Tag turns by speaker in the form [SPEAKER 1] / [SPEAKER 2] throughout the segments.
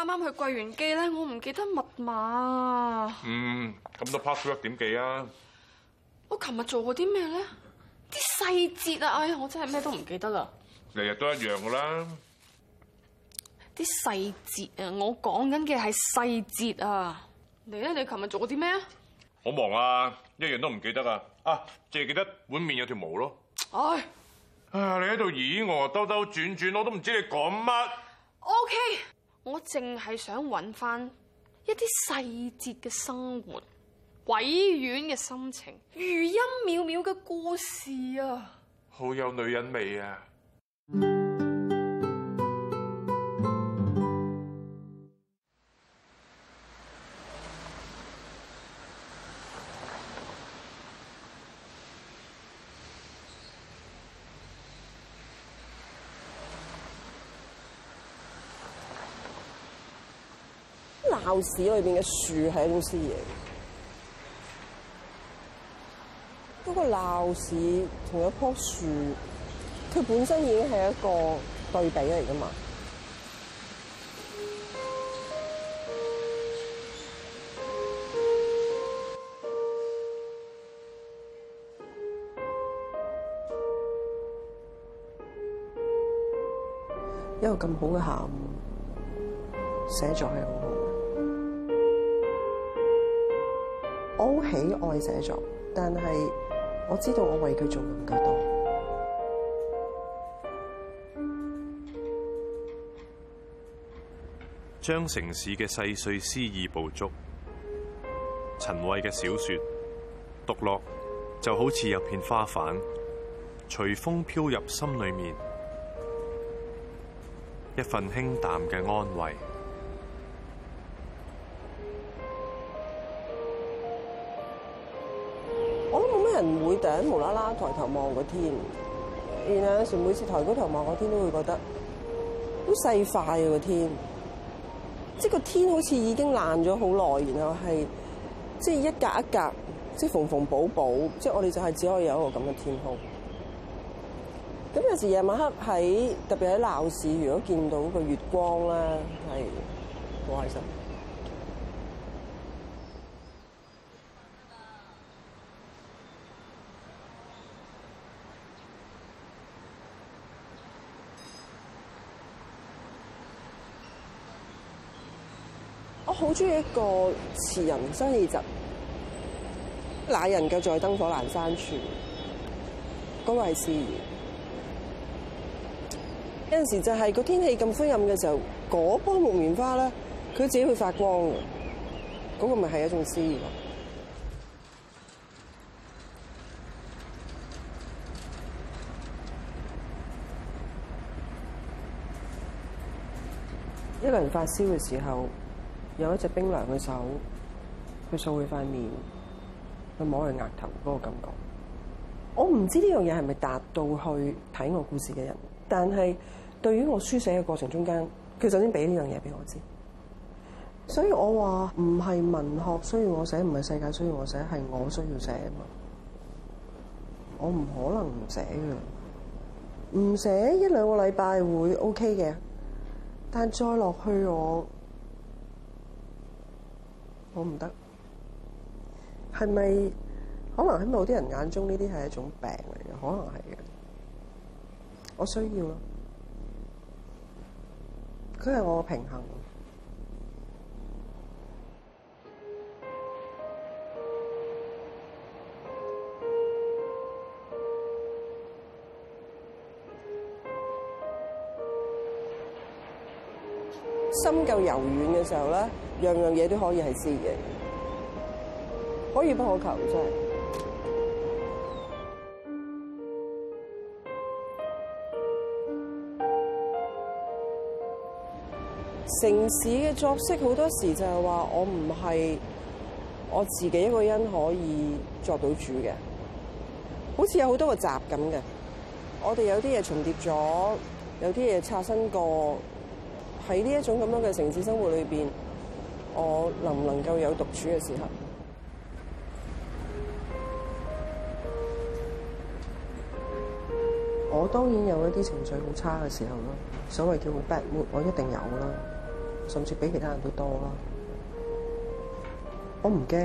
[SPEAKER 1] 啱啱去櫃員機咧，我唔記得密碼，
[SPEAKER 2] 嗯，咁多 password 點記啊？
[SPEAKER 1] 我琴日做過啲咩咧？啲細節啊！哎呀，我真係咩都唔記得啦。
[SPEAKER 2] 日日都一樣噶啦。
[SPEAKER 1] 啲細節啊！我講緊嘅係細節啊！你咧，你琴日做過啲咩啊？
[SPEAKER 3] 好忙啊，一樣都唔記得啊！啊，淨係記得碗
[SPEAKER 2] 麵有條毛咯。唉，哎，哎你喺度咦我兜兜轉轉，我都唔知你講乜。
[SPEAKER 1] OK。我淨係想揾翻一啲細節嘅生活、委婉嘅心情、餘音渺渺嘅故事啊！
[SPEAKER 3] 好有女人味啊！鬧市裏面嘅樹係一種詩意，不過鬧市同一棵樹，佢本身已經係一個對比嚟㗎嘛。一個咁好嘅下午，寫作係我好喜愛寫作，但係我知道我為佢做唔夠多。將城市嘅細碎詩意捕捉，陳慧嘅小說讀落就好似一片花瓣，隨風飄入心裡面，一份輕淡嘅安慰。無啦啦抬頭望個天，然後有時每次抬高頭望個天都會覺得好細塊啊個天，即係個天好似已經爛咗好耐，然後係即係一格一格，即係縫縫補補，即係我哋就係只可以有一個咁嘅天空。咁有時夜晚黑喺特別喺鬧市，如果見到個月光咧，係好開心。好中意一個詞人，辛棄疾，那人卻在燈火闌珊處。嗰個係詩意。有時候就係個天氣咁灰暗嘅時候，嗰樖木棉花咧，佢自己會發光嘅。嗰個咪係一種詩意。一個人發燒嘅時候，有一隻冰涼嘅手去掃佢塊面，去摸佢額頭嗰個感覺。我唔知呢樣嘢係咪達到去睇我故事嘅人，但係對於我書寫嘅過程中間，佢首先俾呢樣嘢俾我知。所以我話唔係文學需要我寫，唔係世界需要我寫，係我需要寫啊嘛。我唔可能唔寫嘅，唔寫一兩個禮拜會 OK 嘅，但再落去我。我唔得，係咪可能喺某啲人眼中呢啲係一種病嚟嘅？可能係嘅，我需要咯，佢係我嘅平衡。心夠柔軟嘅時候咧，樣樣嘢都可以係知己嘅，可遇不可求，真係。 城市嘅作息。好多時候就係話，我唔係我自己一個人可以作到主嘅，好似有好多個閘咁嘅，我哋有啲嘢重疊咗，有啲嘢擦身過。喺呢一種咁樣嘅城市生活裏邊，我能唔能夠有獨處嘅時候？我當然有一啲情緒好差嘅時候啦。所謂叫好 b a c mood，我一定有啦，甚至比其他人都多啦。我唔驚，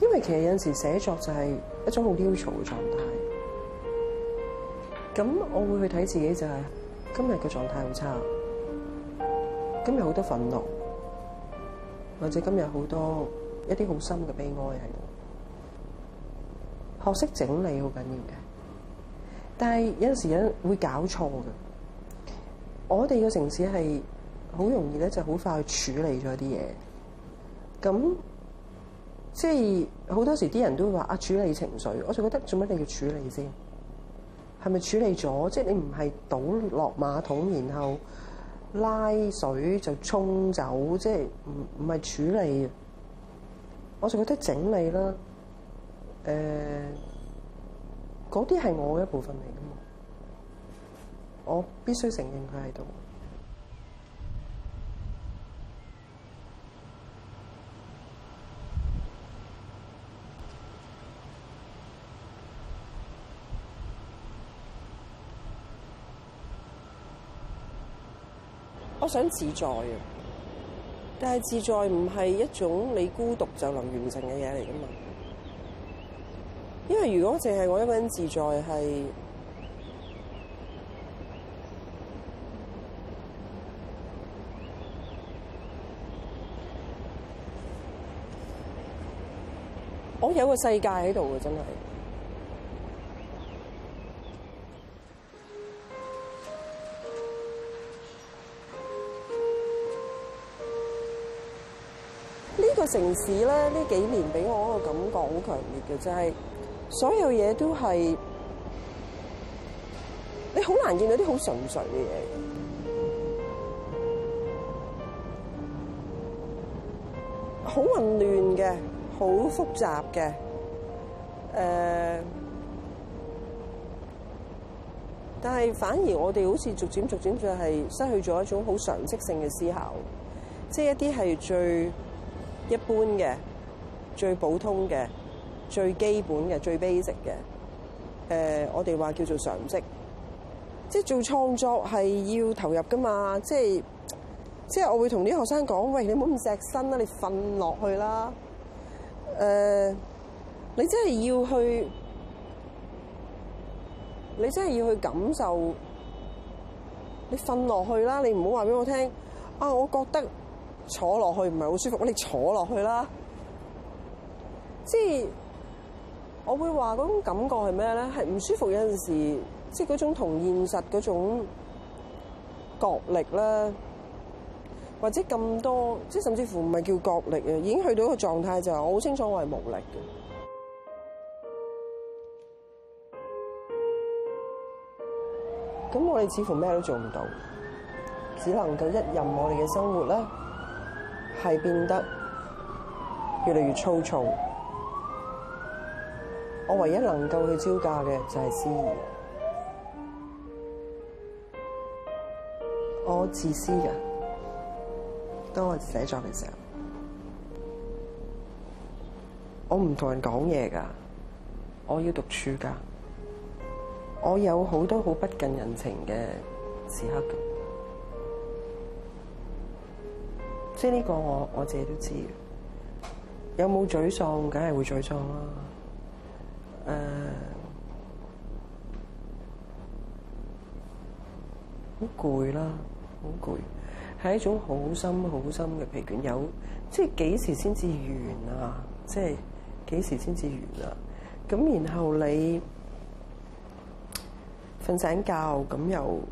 [SPEAKER 3] 因為其實有陣時候寫作就係一種好 l i 嘅狀態。咁我會去睇自己就係、是、今日嘅狀態好差。今日好多憤怒，或者今日好多一啲好深嘅悲哀喺度，學識整理好緊要嘅。但係有陣時咧會搞錯嘅。我哋個城市係好容易咧，就好快去處理咗啲嘢。咁即係好多時啲人都會話啊，處理情緒，我就覺得做乜你要處理先？係咪處理咗？即係你唔係倒落馬桶，然後？拉水就沖走，即係唔唔係處理，我就覺得整理啦。誒、呃，嗰啲係我嘅一部分嚟㗎嘛，我必須承認佢喺度。想自在啊！但係自在唔係一種你孤獨就能完成嘅嘢嚟噶嘛？因為如果淨係我一個人自在是，係我有個世界喺度嘅，真係。城市咧，呢幾年俾我嗰個感覺好強烈嘅，就係、是、所有嘢都係你好難見到啲好純粹嘅嘢，好混亂嘅，好複雜嘅。誒、呃，但係反而我哋好似逐漸逐漸就係失去咗一種好常識性嘅思考，即、就、係、是、一啲係最。一般嘅、最普通嘅、最基本嘅、最 basic 嘅，誒、呃，我哋話叫做常識。即係做創作係要投入噶嘛，即係即係我會同啲學生講：喂，你唔好咁錫身啦，你瞓落去啦。誒、呃，你真係要去，你真係要去感受。你瞓落去啦，你唔好話俾我聽啊，我覺得。坐落去唔係好舒服，我哋坐落去啦。即係我會話嗰種感覺係咩咧？係唔舒服有陣時，即係嗰種同現實嗰種角力咧，或者咁多，即係甚至乎唔係叫角力啊，已經去到一個狀態，就係我好清楚我係無力嘅。咁我哋似乎咩都做唔到，只能夠一任我哋嘅生活咧，係變得越嚟越粗糙。我唯一能夠去招架嘅就係詩意。我自私嘅，當我寫作嘅時候，我唔同人講嘢噶，我要獨處噶。我有好多好不近人情嘅時刻。即係呢個我，我我自己都知。有冇沮喪，梗係會沮喪啦，啊。誒、uh，好攰啦，好攰，係一種好深、好深嘅疲倦。有，即係幾時先至完啊？即係幾時先至完啊？咁然後你瞓醒覺，咁又～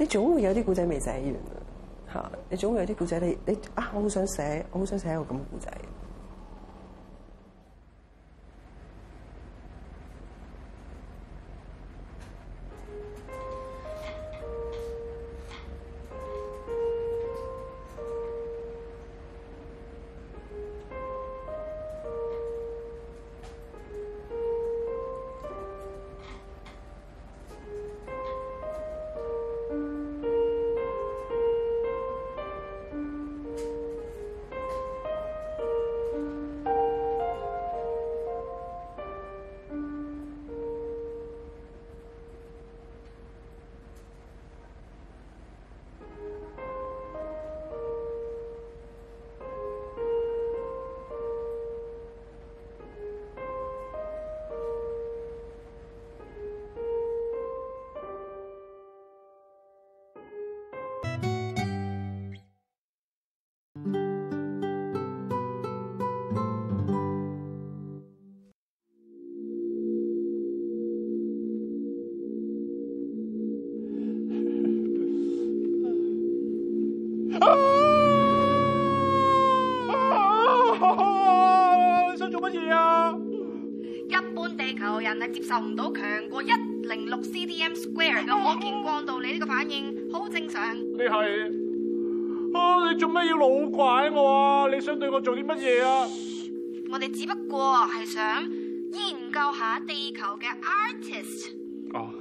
[SPEAKER 3] 你總會有啲故仔未寫完啊！嚇，你總會有啲故仔，你你啊，我好想寫，我好想寫一個咁嘅故仔。
[SPEAKER 4] 這個反應好正常你是。你
[SPEAKER 2] 係啊？你做咩要老怪我啊？你想對我做啲乜嘢啊？
[SPEAKER 4] 我哋只不過係想研究下地球嘅 artist，啊。哦、啊，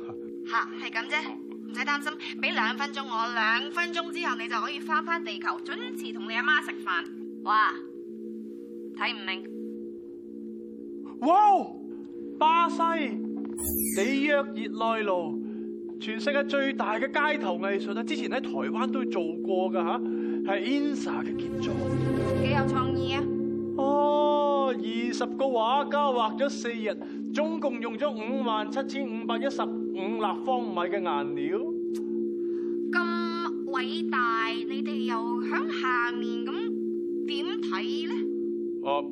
[SPEAKER 4] 吓係咁啫，唔使擔心。俾兩分鐘我，兩分鐘之後你就可以翻翻地球，準時同你阿媽食飯。哇，睇唔明。
[SPEAKER 3] 哇，巴西，里約熱內盧。全世界最大嘅街頭藝術啊！之前喺台灣都做過噶吓，係 Insa 嘅傑作，
[SPEAKER 4] 幾有創意啊！哦，
[SPEAKER 3] 二十個畫家畫咗四日，總共用咗五萬七千五百一十五立方米嘅顏料，
[SPEAKER 4] 咁偉大，你哋又響下面咁點睇咧？
[SPEAKER 3] 哦，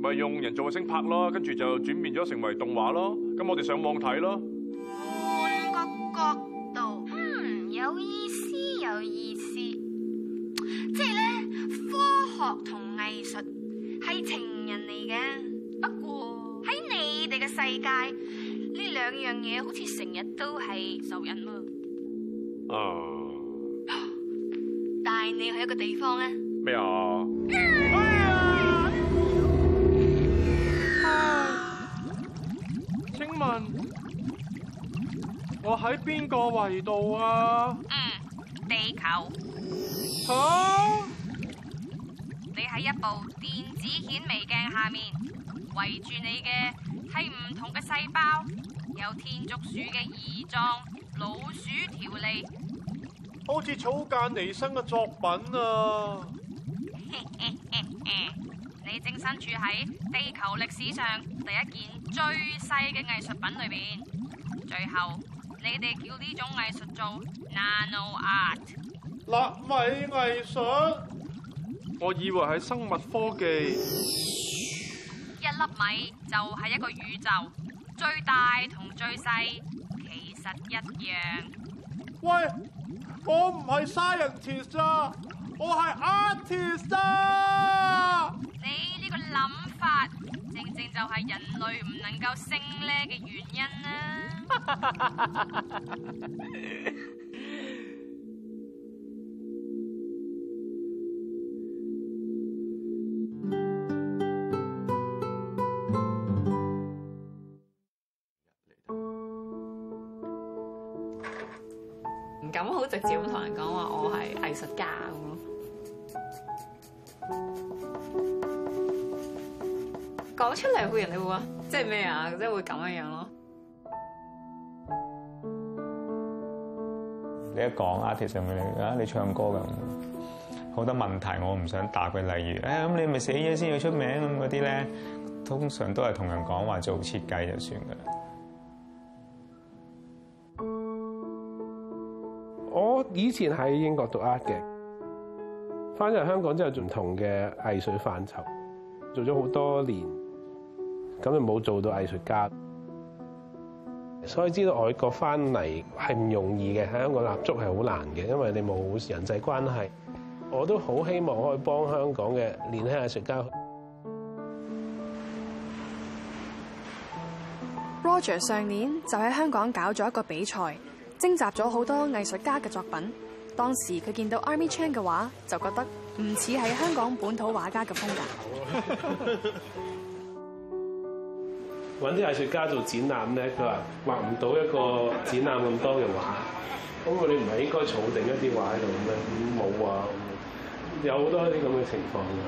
[SPEAKER 3] 咪、呃、用人造星拍咯，跟住就轉變咗成為動畫咯，咁我哋上網睇咯。
[SPEAKER 4] 角度，嗯，有意思，有意思。即係咧，科學同藝術係情人嚟嘅。不過喺你哋嘅世界，呢兩樣嘢好似成日都係仇人咯。
[SPEAKER 5] 啊！
[SPEAKER 4] 帶你去一個地方啊！
[SPEAKER 5] 咩啊？
[SPEAKER 4] 哎 請問？
[SPEAKER 3] 我喺邊個圍度啊？
[SPEAKER 4] 嗯，地球。好、啊。你喺一部電子顯微鏡下面，圍住你嘅係唔同嘅細胞，有天竺鼠嘅耳狀、老鼠條脷，
[SPEAKER 2] 好似草間彌生嘅作品啊！
[SPEAKER 4] 你正身處喺地球歷史上第一件最細嘅藝術品裏面。最後。你哋叫呢種藝術做 Nano Art？
[SPEAKER 2] 納米
[SPEAKER 3] 藝術，我以為係生物科技。
[SPEAKER 4] 一粒米就係一個宇宙，最大同最細其實一樣。
[SPEAKER 3] 喂，我唔係 scientist 啊，
[SPEAKER 4] 我係 artist 啊。就係、是、人類唔能夠升呢嘅原
[SPEAKER 6] 因啦。唔敢好直接咁同人講話，我係藝術家。
[SPEAKER 5] 講出嚟會人哋啊？即係咩啊？即係會咁樣樣咯。你一講 artist 上面啊，你唱歌嘅好多問題，我唔想答佢。例、哎、如，誒咁你咪寫嘢先要出名咁嗰啲咧，通常都係同人講話做設計就算嘅。
[SPEAKER 2] 我以前喺英國讀 art 嘅，翻咗嚟香港之後仲同嘅藝術範疇，做咗好多年。咁就冇做到藝術家，所以知道外國翻嚟係唔容易嘅，喺香港立足係好難嘅，因為你冇人際關係。我都好希望可以幫香港嘅年輕藝術家。
[SPEAKER 1] Roger 上年就喺香港搞咗一個比賽，徵集咗好多藝術家嘅作品。當時佢見到 Armechan 嘅畫，就覺得唔似係香港本土畫家嘅風格。
[SPEAKER 2] 揾啲藝術家做展覽咧，佢話畫唔到一個展覽咁多嘅畫，咁我哋唔係應該儲定一啲畫喺度咩？咁冇啊，有好多啲咁嘅情況嘅。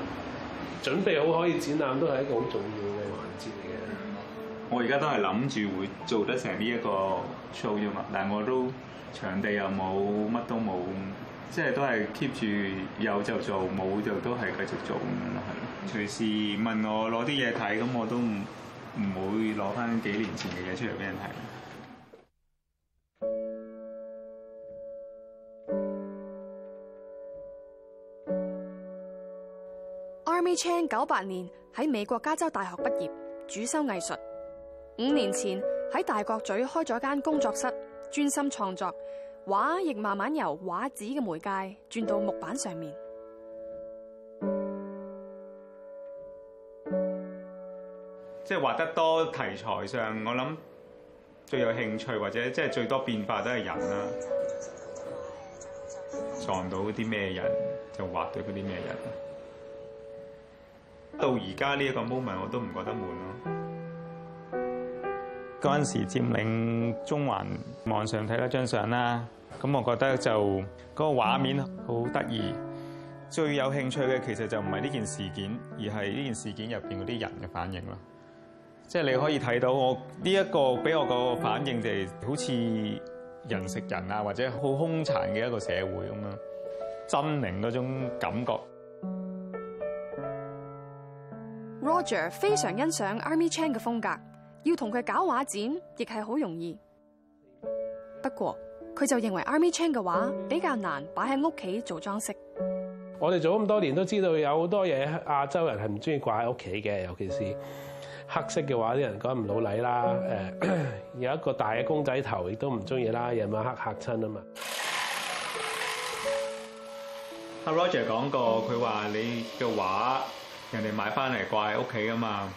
[SPEAKER 2] 準備好可以展覽都係一個好重要嘅環節嚟
[SPEAKER 5] 嘅。我而家都係諗住會做得成呢一個 show 啫嘛，但係我都場地又冇，乜都冇，即係都係 keep 住有就做，冇就都係繼續做咁樣咯。隨時問我攞啲嘢睇，咁我都唔～唔會攞翻幾年前嘅嘢出嚟俾人睇。
[SPEAKER 1] Armechan 九八年喺美國加州大學畢業，主修藝術。五年前喺大角咀開咗間工作室，專心創作畫，亦慢慢由畫紙嘅媒介轉到木板上面。
[SPEAKER 5] 即係畫得多題材上，我諗最有興趣或者即係最多變化都係人啦。撞到啲咩人就畫到啲咩人。到而家呢一個 moment 我都唔覺得悶咯。嗰陣時佔領中環，網上睇咗張相啦，咁我覺得就嗰個畫面好得意。最有興趣嘅其實就唔係呢件事件，而係呢件事件入邊嗰啲人嘅反應咯。即係你可以睇到我呢一個俾我個反應就係好似人食人啊，或者好兇殘嘅一個社會咁樣，猙獰嗰種感覺。
[SPEAKER 1] Roger 非常欣賞 Armechan 嘅風格，要同佢搞畫展亦係好容易。不過佢就認為 Armechan 嘅畫比較難擺喺屋企做裝飾。
[SPEAKER 2] 我哋做咗咁多年都知道有好多嘢，亞洲人係唔中意掛喺屋企嘅，尤其是，黑色嘅話，啲人講唔老禮啦。誒、嗯， 有一個大嘅公仔頭也不喜歡，亦都唔中意啦。夜晚黑嚇親啊嘛。
[SPEAKER 5] 阿 Roger 講過，佢話你嘅畫，人哋買翻嚟掛喺屋企啊嘛。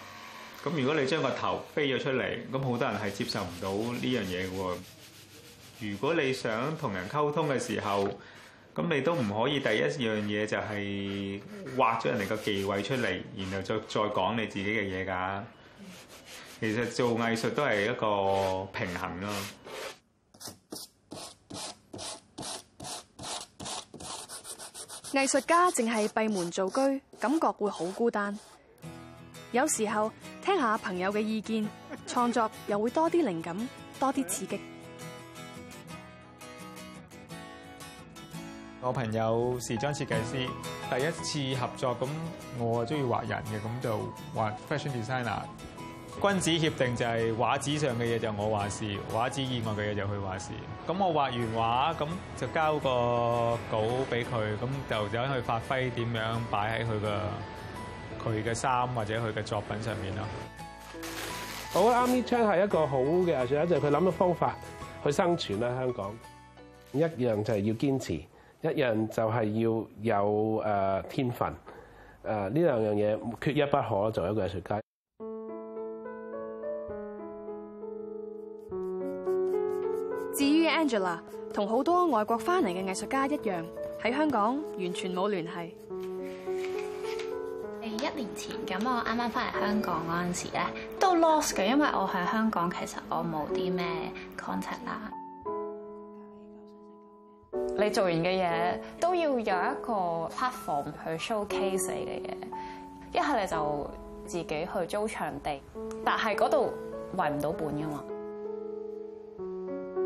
[SPEAKER 5] 咁如果你將個頭飛咗出嚟，咁好多人係接受唔到呢樣嘢嘅喎。如果你想同人溝通嘅時候，咁你都唔可以第一樣嘢就係挖咗人哋個忌諱出嚟，然後再再講你自己嘅嘢㗎。其實做藝術都係一個平衡咯啊。
[SPEAKER 1] 藝術家淨係閉門造車，感覺會好孤單。有時候聽下朋友嘅意見，創作又會多啲靈感，多啲刺激。
[SPEAKER 5] 我朋友時裝設計師，第一次合作咁，我中意畫人嘅，咁就畫 fashion designer。君子協定就係畫紙上嘅嘢就我話事，畫紙以外嘅嘢就佢話事。咁我畫完畫咁就交個稿俾佢，咁就走去發揮點樣擺喺佢嘅佢嘅衫或者佢嘅作品上面
[SPEAKER 2] 咯。好，Armechan 係一個好嘅藝術家，就係佢諗嘅方法去生存啦。香港一樣就係要堅持，一樣就係要有誒、呃、天分。誒呢兩樣嘢缺一不可，做一個藝術家。
[SPEAKER 1] Angela，跟住啦，同好多外國翻嚟嘅藝術家一樣，喺香港完全
[SPEAKER 6] 冇聯繫。係一年前咁我啱啱翻嚟香港嗰陣時咧，都 lost 嘅，因為我喺香港其實我冇啲咩 contact 啊。你做完嘅嘢都要有一個 platform 去 showcase 你嘅嘢，一係你就自己去租場地，但係嗰度維唔到本噶嘛。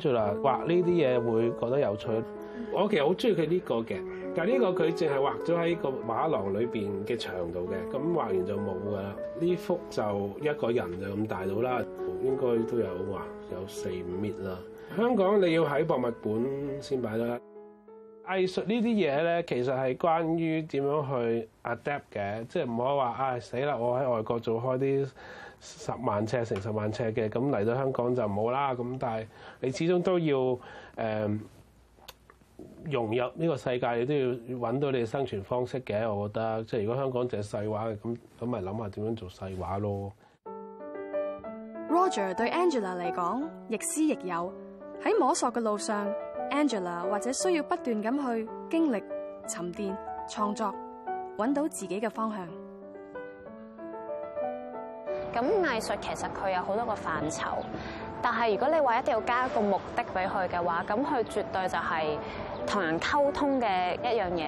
[SPEAKER 2] 住啦，畫呢啲嘢會覺得有趣。我其實好中意佢呢個嘅，但係呢個佢淨係畫咗喺個畫廊裏邊嘅牆度嘅，咁畫完就冇㗎啦。呢幅就一個人就咁大到啦，應該都有話有四五米啦。香港你要喺博物館先擺得。藝術呢啲嘢咧，其實係關於點樣去 adapt 嘅，即係唔可以話唉死啦！我喺外國做開啲。十萬尺成十萬尺嘅，咁嚟到香港就冇啦，咁但係你始終都要誒、嗯、融入呢個世界，你都要揾到你嘅生存方式嘅。我覺得即係如果香港淨係細畫，咁咁咪諗下點樣做細畫咯。
[SPEAKER 1] Roger 對 Angela 嚟講，亦師亦友。喺摸索嘅路上，Angela 或者需要不斷咁去經歷、沉澱、創作，揾到自己嘅方向。
[SPEAKER 6] 咁藝術其實佢有好多個範疇，但係如果你話一定要加一個目的俾佢嘅話，咁佢絕對就係同人溝通嘅一樣嘢。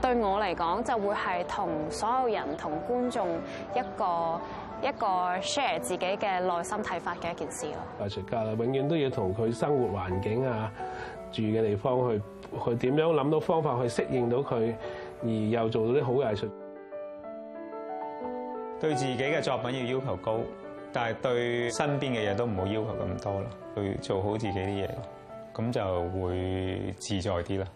[SPEAKER 6] 對我嚟講，就會係同所有人、同觀眾一個一個 share 自己嘅內心睇法嘅一件事咯。
[SPEAKER 2] 藝術家永遠都要同佢生活環境啊、住嘅地方去，去點樣諗到方法去適應到佢，而又做到啲好藝術。
[SPEAKER 5] 對自己嘅作品要要求高，但係對身邊嘅人都唔好要，要求咁多喇。對做好自己啲嘢，咁就會自在啲啦。